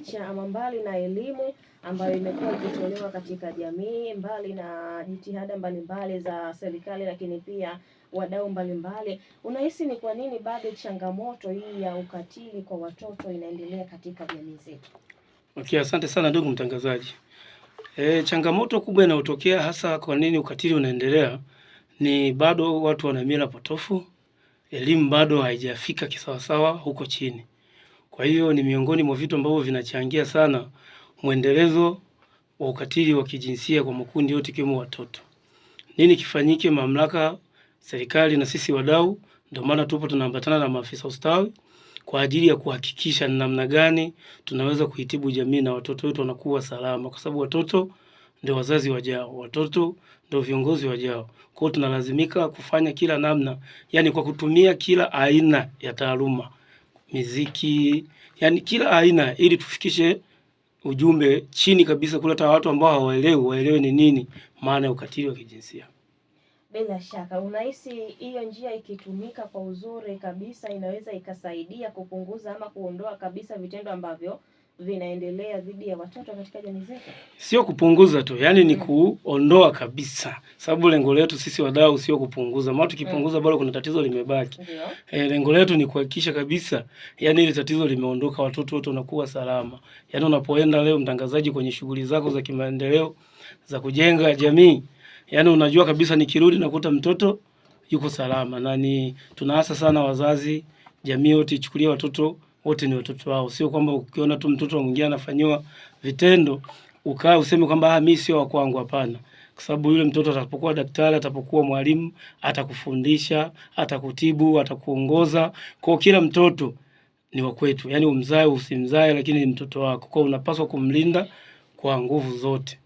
picha ama mbali na elimu ambayo imekuwa ikitolewa katika jamii, mbali na jitihada mbalimbali za serikali, lakini pia wadau mbalimbali, unahisi ni kwa nini bado changamoto hii ya ukatili kwa watoto inaendelea katika jamii zetu? Okay, asante sana ndugu mtangazaji. E, changamoto kubwa inayotokea hasa kwa nini ukatili unaendelea ni bado watu wana mila potofu, elimu bado haijafika kisawasawa huko chini. Kwa hiyo ni miongoni mwa vitu ambavyo vinachangia sana mwendelezo wa ukatili wa kijinsia kwa makundi yote ikiwemo watoto. Nini kifanyike? Mamlaka, serikali na sisi wadau, ndio maana tupo tunaambatana na maafisa ustawi kwa ajili ya kuhakikisha ni namna gani tunaweza kuitibu jamii na watoto wetu wanakuwa salama, kwa sababu watoto ndio wazazi wajao, watoto ndio viongozi wajao. Kwa hiyo tunalazimika kufanya kila namna, yani kwa kutumia kila aina ya taaluma miziki, yani kila aina, ili tufikishe ujumbe chini kabisa kule, hata watu ambao hawaelewi waelewe ni nini maana ya ukatili wa kijinsia. Bila shaka unahisi hiyo njia ikitumika kwa uzuri kabisa inaweza ikasaidia kupunguza ama kuondoa kabisa vitendo ambavyo vinaendelea dhidi ya watoto katika jamii zetu? Sio kupunguza tu, yani ni mm. kuondoa kabisa, sababu lengo letu sisi wadau sio kupunguza, maana tukipunguza mm. bado kuna tatizo limebaki. E, lengo letu ni kuhakikisha kabisa, yani ile tatizo limeondoka, watoto wote wanakuwa salama. Yani unapoenda leo mtangazaji, kwenye shughuli zako za kimaendeleo za kujenga jamii, yani unajua kabisa, nikirudi nakuta mtoto yuko salama, na ni tunaasa sana wazazi, jamii yote ichukulie watoto wote ni watoto wao, sio kwamba ukiona tu mtoto mwingine anafanyiwa vitendo ukae useme kwamba ah, mimi sio wa kwangu. Hapana, kwa sababu yule mtoto atakapokuwa daktari, atapokuwa mwalimu, atakufundisha, atakutibu, atakuongoza. Kwa kila mtoto ni wa kwetu, yani umzae usimzae, lakini ni mtoto wako, kwa unapaswa kumlinda kwa nguvu zote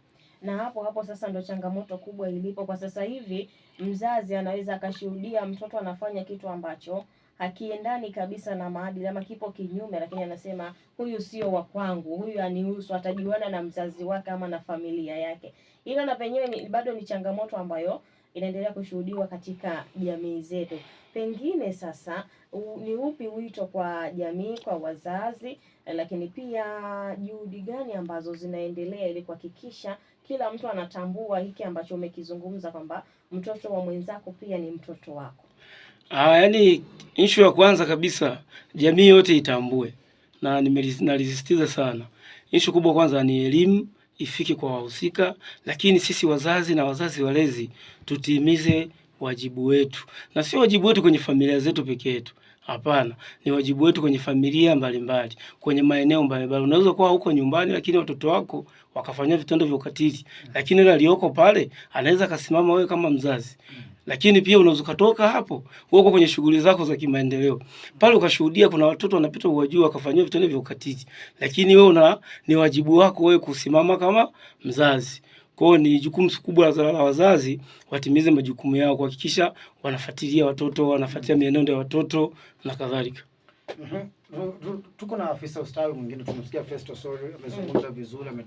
na hapo hapo sasa ndo changamoto kubwa ilipo kwa sasa hivi. Mzazi anaweza akashuhudia mtoto anafanya kitu ambacho hakiendani kabisa na maadili ama kipo kinyume, lakini anasema huyu sio wa kwangu, huyu anihusu, atajuana na mzazi wake ama na familia yake. Hilo na penyewe bado ni changamoto ambayo inaendelea kushuhudiwa katika jamii zetu. Pengine sasa u, ni upi wito kwa jamii, kwa wazazi, lakini pia juhudi gani ambazo zinaendelea ili kuhakikisha kila mtu anatambua hiki ambacho umekizungumza kwamba mtoto wa mwenzako pia ni mtoto wako? Ah, yani ishu ya kwanza kabisa jamii yote itambue na nimeli- sana, ishu kubwa kwanza ni elimu ifike kwa wahusika, lakini sisi wazazi na wazazi walezi tutimize wajibu wetu, na sio wajibu wetu kwenye familia zetu peke yetu, hapana, ni wajibu wetu kwenye familia mbalimbali mbali, kwenye maeneo mbalimbali. Unaweza kuwa huko nyumbani, lakini watoto wako wakafanya vitendo vya ukatili, lakini yule aliyoko pale anaweza akasimama wewe kama mzazi lakini pia unaweza ukatoka hapo uko kwenye shughuli zako za kimaendeleo pale, ukashuhudia kuna watoto wanapita uwajua, wakafanyiwa vitendo vya ukatili, lakini wewe una ni wajibu wako wewe kusimama kama mzazi. Kwa hiyo ni jukumu kubwa la wazazi watimize majukumu yao, kuhakikisha wanafuatilia watoto, wanafuatilia mienendo ya watoto na kadhalika. Mm -hmm. Tuko na afisa ustawi mwingine tumemsikia Festo Sori amezungumza vizuri.